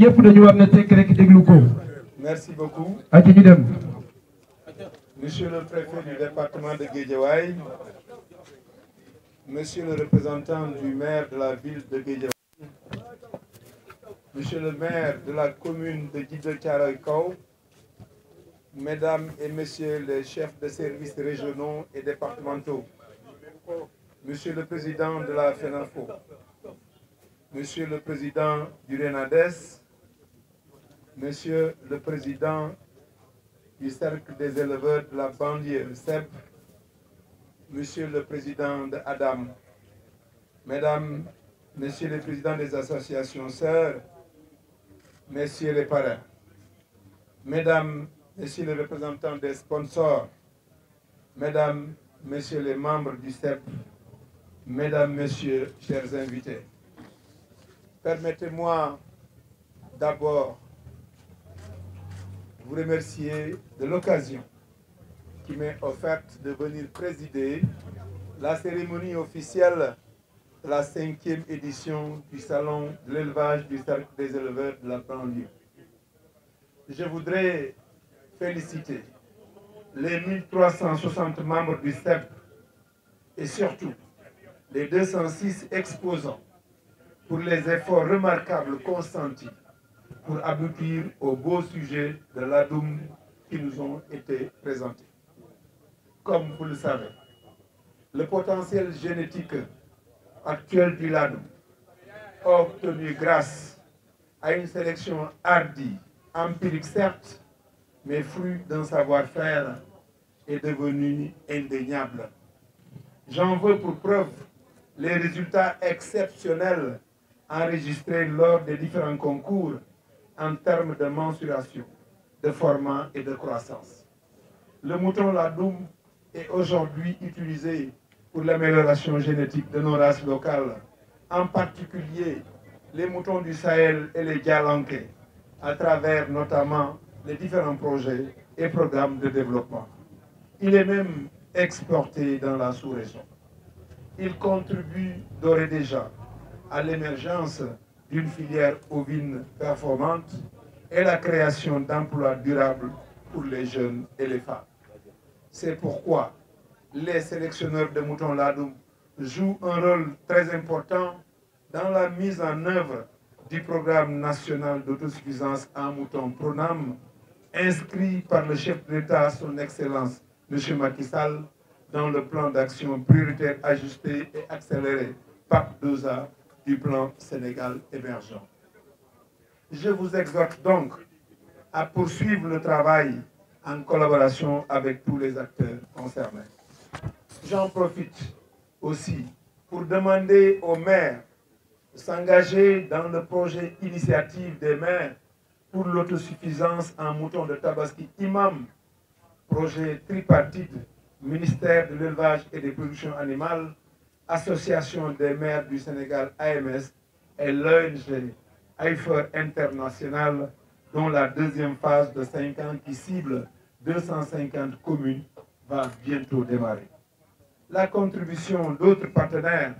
yëpp dañu war na merci beaucoup. dem. monsieur le préfet du département de Guédiawaye. Monsieur le représentant du maire de la ville de Guédiawaye, Monsieur le maire de la commune de Guido Mesdames et Messieurs les chefs de services régionaux et départementaux, Monsieur le Président de la FENAFO, Monsieur le Président du RENADES, Monsieur le Président du Cercle des éleveurs de la banlieue, Monsieur le Président de Adam, Mesdames, Messieurs les Présidents des associations sœurs, Messieurs les parrains, Mesdames, Messieurs les représentants des sponsors, Mesdames, Messieurs les membres du CEP, Mesdames, Messieurs, chers invités, permettez-moi d'abord vous remercier de l'occasion qui m'est offerte de venir présider la cérémonie officielle de la cinquième édition du Salon de l'élevage du cercle des éleveurs de la banlieue. Je voudrais féliciter les 1360 membres du CEP et surtout les 206 exposants pour les efforts remarquables consentis pour aboutir au beau sujet de la l'ADOUM qui nous ont été présentés comme vous le savez, le potentiel génétique actuel du ladou, obtenu grâce à une sélection hardie, empirique certes, mais fruit d'un savoir-faire, est devenu indéniable. J'en veux pour preuve les résultats exceptionnels enregistrés lors des différents concours en termes de mensuration, de format et de croissance. Le mouton Ladoum est aujourd'hui utilisé pour l'amélioration génétique de nos races locales, en particulier les moutons du Sahel et les Dialanquais, à travers notamment les différents projets et programmes de développement. Il est même exporté dans la sous-région. Il contribue d'ores et déjà à l'émergence d'une filière ovine performante et la création d'emplois durables pour les jeunes et les femmes. C'est pourquoi les sélectionneurs de moutons LADOU jouent un rôle très important dans la mise en œuvre du programme national d'autosuffisance en moutons PRONAM, inscrit par le chef d'État, son Excellence, M. Macky Sall, dans le plan d'action prioritaire ajusté et accéléré par 2A du plan Sénégal émergent. Je vous exhorte donc à poursuivre le travail en collaboration avec tous les acteurs concernés. J'en profite aussi pour demander aux maires de s'engager dans le projet initiative des maires pour l'autosuffisance en moutons de Tabaski Imam, projet tripartite ministère de l'élevage et des productions animales, Association des maires du Sénégal AMS et l'ONG IFOR e International dont la deuxième phase de 50 qui cible 250 communes va bientôt démarrer. La contribution d'autres partenaires,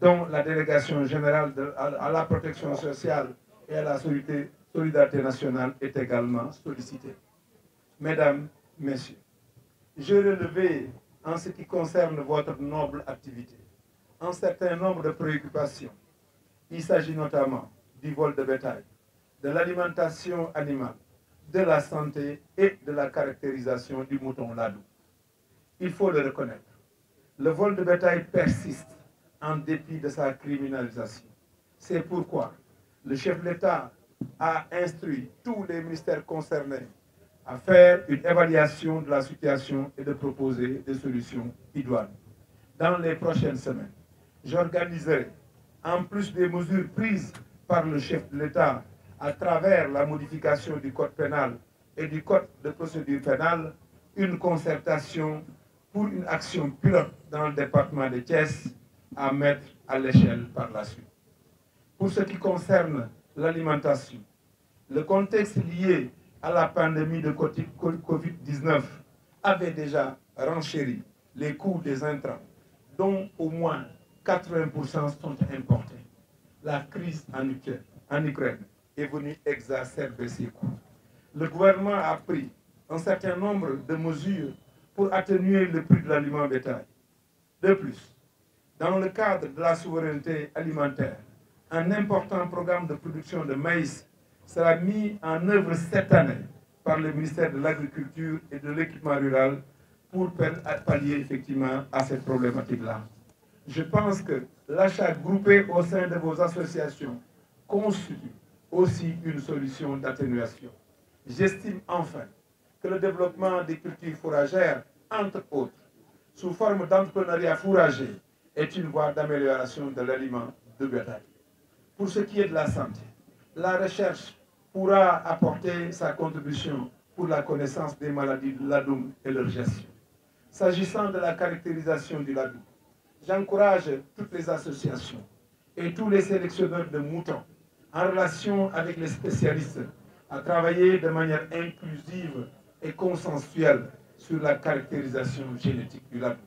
dont la délégation générale à, la protection sociale et à la solidarité, nationale, est également sollicitée. Mesdames, Messieurs, je relevé en ce qui concerne votre noble activité un certain nombre de préoccupations. Il s'agit notamment du vol de bétail, de l'alimentation animale, de la santé et de la caractérisation du mouton ladou. Il faut le reconnaître. Le vol de bétail persiste en dépit de sa criminalisation. C'est pourquoi le chef de l'État a instruit tous les ministères concernés à faire une évaluation de la situation et de proposer des solutions idoines. Dans les prochaines semaines, j'organiserai, en plus des mesures prises par le chef de l'État à travers la modification du code pénal et du code de procédure pénale, une concertation pour une action pilote dans le département de Thiès à mettre à l'échelle par la suite. Pour ce qui concerne l'alimentation, le contexte lié à la pandémie de Covid-19 avait déjà renchéri les coûts des intrants, dont au moins 80% sont importés. La crise en Ukraine est venu exacerber ces coûts. Le gouvernement a pris un certain nombre de mesures pour atténuer le prix de l'aliment bétail. De plus, dans le cadre de la souveraineté alimentaire, un important programme de production de maïs sera mis en œuvre cette année par le ministère de l'Agriculture et de l'Équipement rural pour pallier effectivement à cette problématique-là. Je pense que l'achat groupé au sein de vos associations constitue aussi une solution d'atténuation. J'estime enfin que le développement des cultures fourragères, entre autres, sous forme d'entrepreneuriat fourrager, est une voie d'amélioration de l'aliment de bétail. Pour ce qui est de la santé, la recherche pourra apporter sa contribution pour la connaissance des maladies de l'ADOUM et leur gestion. S'agissant de la caractérisation du ladoum, j'encourage toutes les associations et tous les sélectionneurs de moutons en relation avec les spécialistes, à travailler de manière inclusive et consensuelle sur la caractérisation génétique du labo.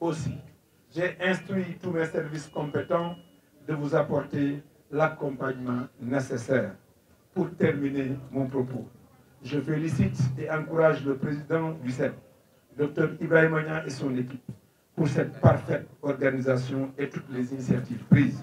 Aussi, j'ai instruit tous mes services compétents de vous apporter l'accompagnement nécessaire. Pour terminer mon propos, je félicite et encourage le président du CEP, Dr Ibrahim et son équipe, pour cette parfaite organisation et toutes les initiatives prises.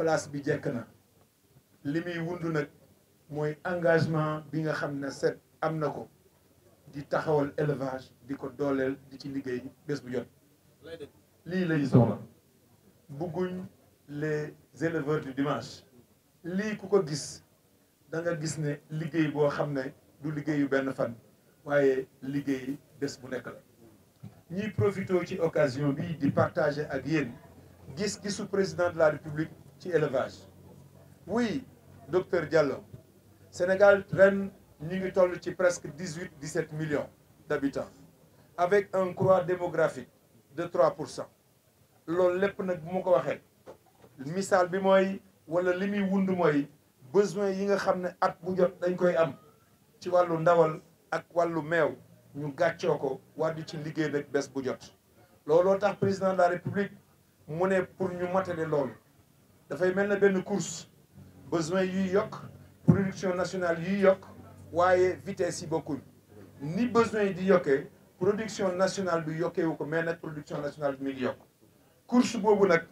place bi jekk na li muy wund nag engagement bi nga xam set am di taxawal élevage di ko dooleel di ci liggéey bes bu jot lii lañu soxla les éleveurs du dimanche li ku ko gis da nga gis ne liggéey bo xamne du liggéeyu ben fan waaye liggéey bes bu nek la ñi ci occasion bi di partager ak yéen gis-gisu président de la république ci élevage. Oui, docteur Diallo, Sénégal, Rennes, nous sommes tous ci presque 18-17 millions d'habitants, avec un croix démographique de 3%. C'est ce que je veux dire. Le misal bi moy, wala limi wundu moy, besoin yi nga xamne at bu jot dañ koy am ci walu ndawal ak walu mew ñu gatcho ko waddu ci liggéey nak bes bu jot lolo tax président de la république mune pour ñu matalé lolu dafay mel ne une course besoin yuy York production nationale yuy York waaye vitesse yi beaucoup. ni besoin de di production nationale bi York mais la production nationale de mi La course boobu nag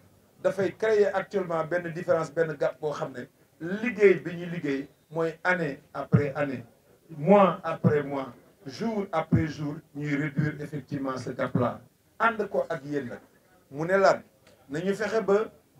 dafay créer actuellement une différence une gap boo xam ne liggéey bi ñu année après année mois après mois jour après jour nous réduire effectivement ce gap là ànd ko ak yéen nag mu nañu ba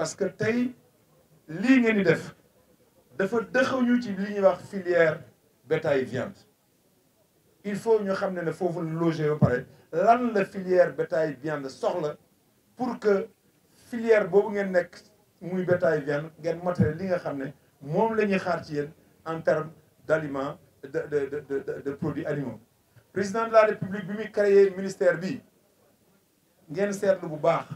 parce que tay li ngeen di def dafa dëxuñu ci li ñuy wax filière bétail viande il faut ñu xamné ne fofu foofu loger ba paré lan la filière bétail viande soxla pour que filière bobu ngeen nek muy bétail viande ngeen matériel li nga xamné mom moom xaar ci yeen en terme d'aliments de, de de de de produits animaux. président de la république bi muy créé ministère bi ngeen seetlu bu baax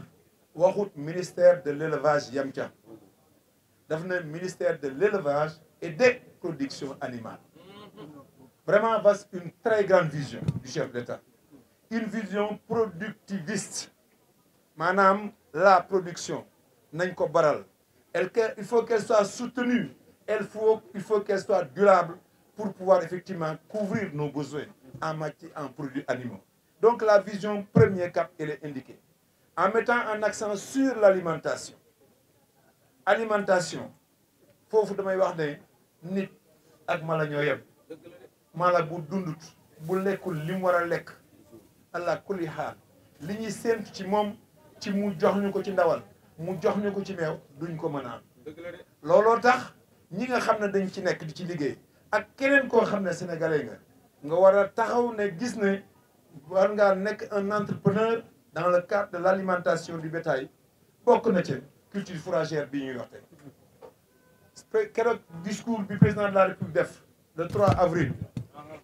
route ministère de l'élevage Yamkia. ca ministère de l'élevage et des productions animales vraiment c'est une très grande vision du chef d'État une vision productiviste Madame la production il faut qu'elle soit soutenue elle faut il faut qu'elle soit durable pour pouvoir effectivement couvrir nos besoins en matière en produits animaux donc la vision premier cap elle est indiquée en mettant un accent sur l'alimentation alimentation foofu damay wax ne nit ak mala ñoo mala bu dundut bu lekul lim wara lek a kulli xaal li ñuy séentu ci mom ci mu jox ñu ko ci ndawal mu jox ñu ko ci mew duñ ko mëna lolo tax ñi nga xam ne dañ ci nekk di ci liggé ak keneen ko xam sénégalais nga nga wara taxaw ne gis ne war nga nekk un entrepreneur dans le cadre de l'alimentation du bétail beaucoup de ci culture fourragère bi ñuy Quel est le discours du président de la république def le 3 avril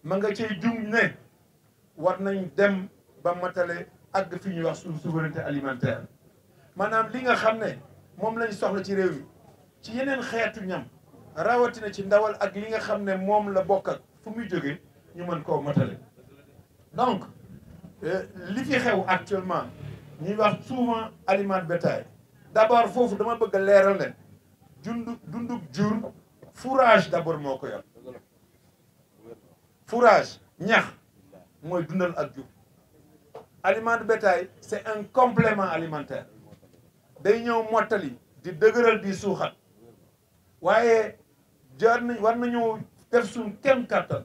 Je suis cay jum ne war nañ dem ba matale sur la wax souveraineté alimentaire maanaam li nga xam ne moom lañ soxla ci réew mi ci yeneen xeetu ñam rawatina ci ndawal ak li nga xam ne la bokk fu muy jóge ñu mën ko matalé donc euh, li fi xew actuellement ñuy wax souvent aliment bétail d'abord foofu dama bëgg a leeral leen dund dundug jur fourrage d'abord moo ko fourrage ñax mooy dundal ak jur aliment de bétail c'est un complément alimentaire day ñëw mottali di dëgëral di suuxat waaye jar nañ war nañoo def suñ kem kattan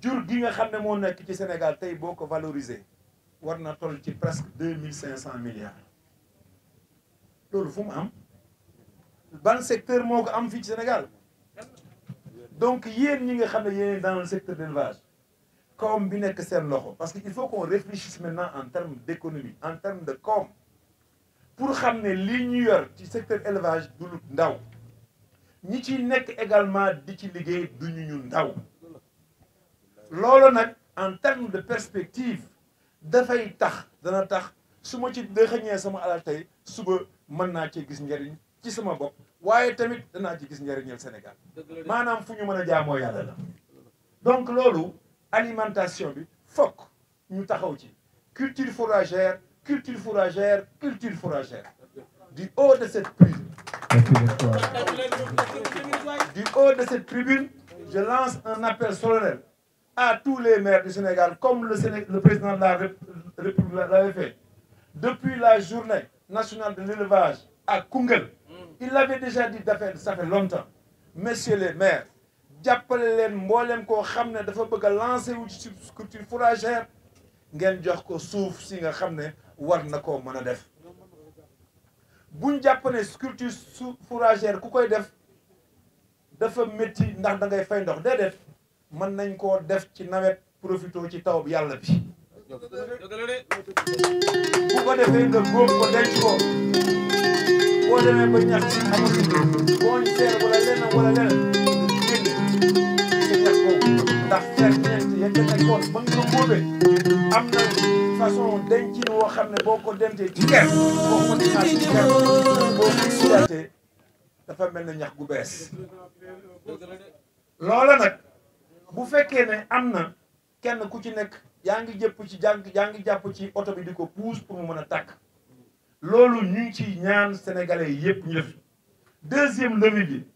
jur gi nga xamné mo nek ci Sénégal tay boko valoriser warna toll ci presque 2500 500 milliards lolou fu am ban secteur moko am fi ci Sénégal donc yeen ñi nga xamné yeen dans le secteur d'élevage, comme bi nek sen loxo parce qu'il faut qu'on réfléchisse maintenant en termes d'économie en termes de com. pour xamné li ñu yor ci secteur élevage du lu ndaw ñi ci nek également di ci liguey du ñu ndaw Lolo, en termes de perspective fay tax dana tax suma ci de la sama alal tay suba man na ci gis la ci sama la waye tamit ci gis la Sénégal manam fuñu la donc Lolo, alimentation bi nous ñu taxaw ci culture fourragère culture fourragère culture fourragère du haut de cette tribune du haut de cette tribune je lance un appel solennel à tous les maires du Sénégal, comme le, président de la République l'avait fait, depuis la journée nationale de l'élevage à Kungel, mm. il avait déjà dit, ça fait longtemps. Messieurs les maires, jàppale les moyens qu'on xam dafa lancer une culture fourragère ngeen jox ko si nga xam ne war na koo mën a def buñ fourragère koy def dafa ndax mën nañ koo def ci nawet profito ci taw bi yàlla bi bu ko defee nga góob ko denc ko boo demee ba ñax ci amatu boo ñu seer wala lenn wala lenn nga ñax boobu ndax fer ñeent ya ca nekkoon ba nga góobee am na façon dencin woo xam ne boo ko dentee ci ker boo ko dinaa ci ker boo ko sudaatee dafa mel ne ñax gu bees loola nag bu sénégalais deuxième levée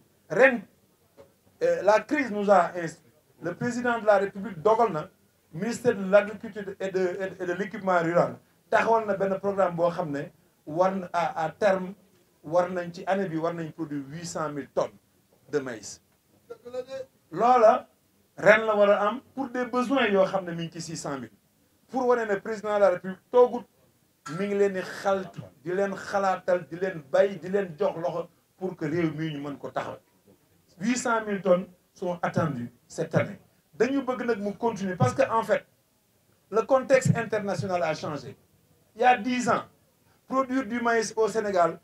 euh, la crise nous a le président de la république dogal ministère de l'Agriculture et de et rural taxawal na programme boo xam à terme war nañ ci année produire tonnes de maïs loola pour des besoins il y a 600 000. pour le président de la république il y a des di pour que les mii ñu 000 tonnes sont attendues cette année Nous devons continuer parce que en fait le contexte international a changé il y a 10 ans produire du maïs au Sénégal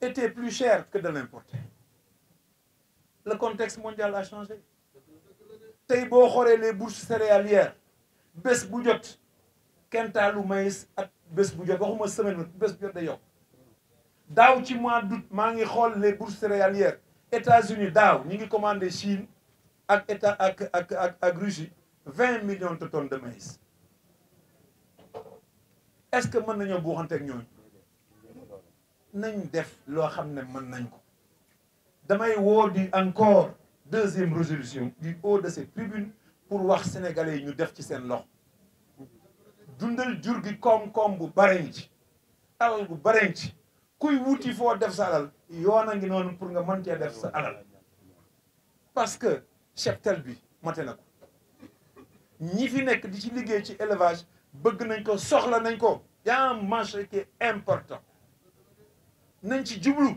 était plus cher que de l'importer le contexte mondial a changé tey boo xoolee les bourses céréalières bés bu jot kentaalu maïs ak bés bu jot waxuma semaine bés bu jot day yokk daaw ci mois d'août maa ngi xool les bourses céréalières États-Unis daaw ñi ngi commandé Chine ak état ak ak ak ak vingt millions de tonnes de maïs est-ce que mën nañoo buuxanteeg ñooñu nañ def loo xam ne mën nañ ko damay woo di encore deuxième résolution du haut de ces tribunes pour wax sénégalais yi ñu def ci sen lox dundal jur gi kom kom bu bareñ ci alal bu bareñ ci kuy wuti fo def sa alal yoon ngi non pour nga mën cee def sa alal parce que cheptel bi maté nako ñi fi nek di ci liggéey ci élevage bëgg nañ ko soxla nañ ko ya marché qui est important nañ ci djublu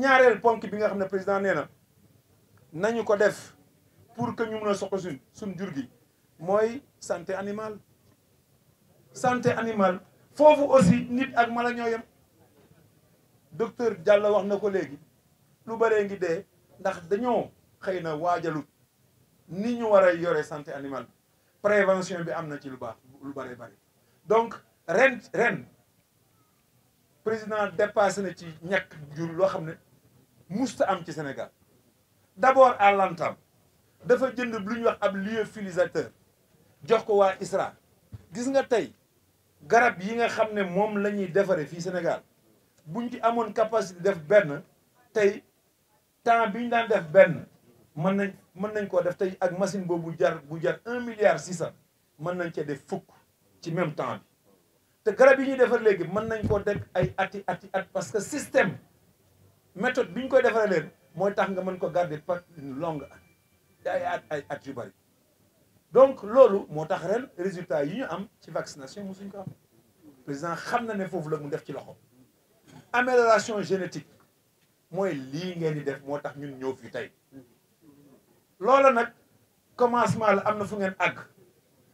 ñaareel ponk bi nga xam ne président nee na nañu ko def pour que ñu mën a soxla suñ suñ jur gi mooy santé animale santé animale foofu aussi nit ak mala ñoo yem docteur Diallo wax na ko léegi lu bëree ngi dee ndax dañoo xëy na waajalu ni ñu war yore santé animale prévention bi am na ci lu baax lu bëree bëri donc ren ren président dépassé na ci ñàkk jur loo xam ne musta am ci Sénégal d'abord à l'antam dafa jënd de ñuy wax ab lieu ISRA gis nga tay garab yi nga mom Sénégal buñ ci amone capacité def faire tay temps bi ñu def ben mën nañ def machine jar un milliard six cent mën nañ ci def même temps te garab yi ñu parce que système méthode bi koy defaree leen mooy tax nga mën ko garder par une longue année ay ay at yu bari donc loolu moo tax ren résultat yi ñu am ci vaccination mosuñ ko am président xam na ne foofu la mu def ci loxo amélioration génétique mooy lii ngeen di def moo tax ñun ñëw fi tey loola nag commencement la am na fu ngeen àgg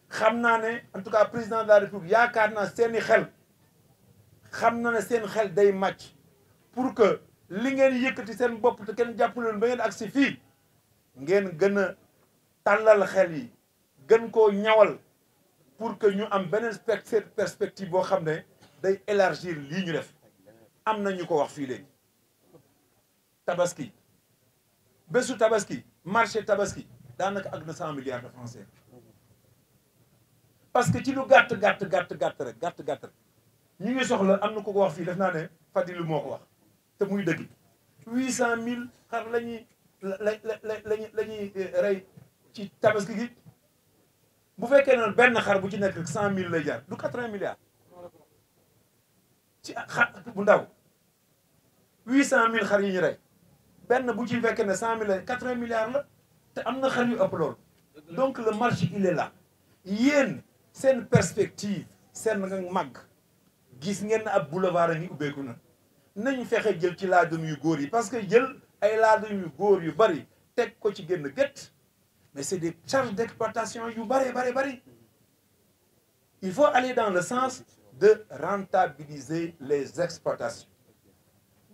xam naa ne en tout cas président de la république yaakaar naa seeni xel xam na ne seen xel day màcc pour que li ngeen yëkkati seen bopp te kenn jàppaleen ba ngeen agsi fii ngeen gën a tàllal xel yi gën koo ñawal pour que ñu am beneen perspective boo xam ne day élargir lii ñu def am na ñu ko wax fii léegi tabaski bésu tabaski marché tabaski daanaka ak na cent milliards de francs parce que ci lu gàtt gàtt gàtt gàtt rek gàtt gàtt rek ñu ngi soxla am na ko ko wax fii def naa ne Fadilou moo ko wax te muy dëgg huit cent mille xar la ñuy la la la ñuy eh, rey ci tabaski gi bu fekkee noonu benn xar bu ci nekk cent mille lay jaar du quatre-vingts milliards ci xar bu ndaw huit cent mille xar yi ñu rey benn bu ci fekkee ne cent mille quatre-vingts milliards la te am na xar yu ëpp loolu donc le marché il est là yéen seen perspective seen màgg gis ngeen ab boulevard a ngi ubbeeku na nañu fexé jël ci laadum yu góor yi parce que jël ay laadum yu góor yu bari tek ko ci genn gett mais c'est des charges d'exploitation yu bari bari bari il faut aller dans le sens de rentabiliser les exploitations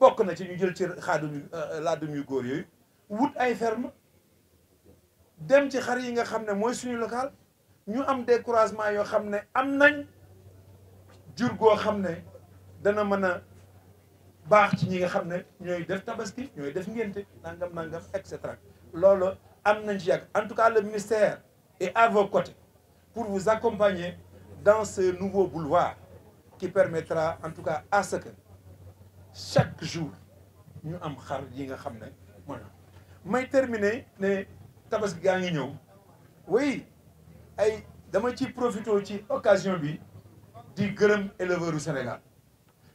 bokk na ci ñu jël ci xadum euh, laadum yu góor yooyu wut ay ferme dem ci xar yi nga xam moy suñu local ñu am découragement yoo xam ne am nañ jur go xam ne dana mëna ci ñi nga en tout cas le ministère est à vos côtés pour vous accompagner dans ce nouveau boulevard qui permettra en tout cas à ce que chaque jour ñu am xar yi nga xam ne terminer oui ay profité ci occasion bi di éleveur Sénégal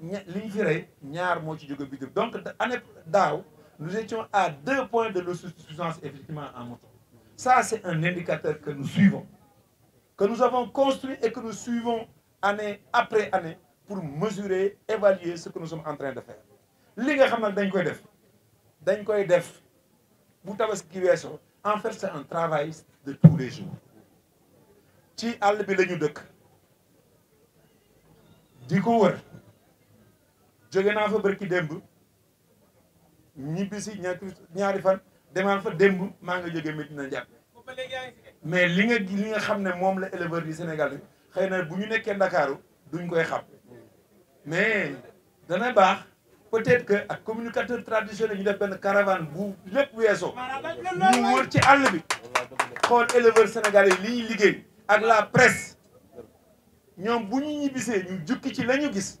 donc nous étions à deux points de l'autosuffisance effectivement en moto ça c'est un indicateur que nous suivons que nous avons construit et que nous suivons année après année pour mesurer évaluer ce que nous sommes en train de faire li nga dañ koy en fait c'est un travail de tous les jours ti bi jóge naa fa barki demb ñibbi si ñaari fan demal fa demb ma nga jóge Medina Ndiaye mais li nga li nga xamné mom la éleveur du Sénégal yi xëy na bu ñu nekkee Ndakaaru duñ koy xam mais dana bax peut-être que ak communicateur traditionnel ñu def ben caravane bu lépp weesoo ñu wër ci all bi xool éleveur sénégalais li ñuy ak la presse ñom bu ñu ñibbisee ñu jukki ci lañu gis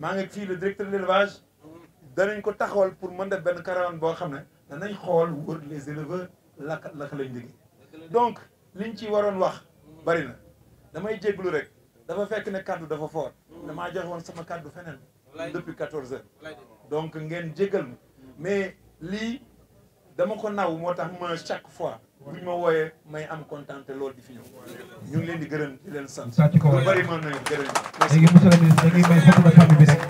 maa ngi le directeur de l'élevage danañ ko taxawal pour mën def caravane boo xam ne danañ xool les éleveurs la que lañ liggéey donc liñ ci waroon wax bari na damay rek dafa fekk ne dafa fort sama depuis 14 heures donc ngeen jégal mais lii dama ko naw chaque fois buñ ma wooyee may am kontaan te loolu di fi ñu ngi leen di gërëm di leen sant. lu bëri mën nañu gërëm. léegi monsieur le ministre dañuy may fukk la tànn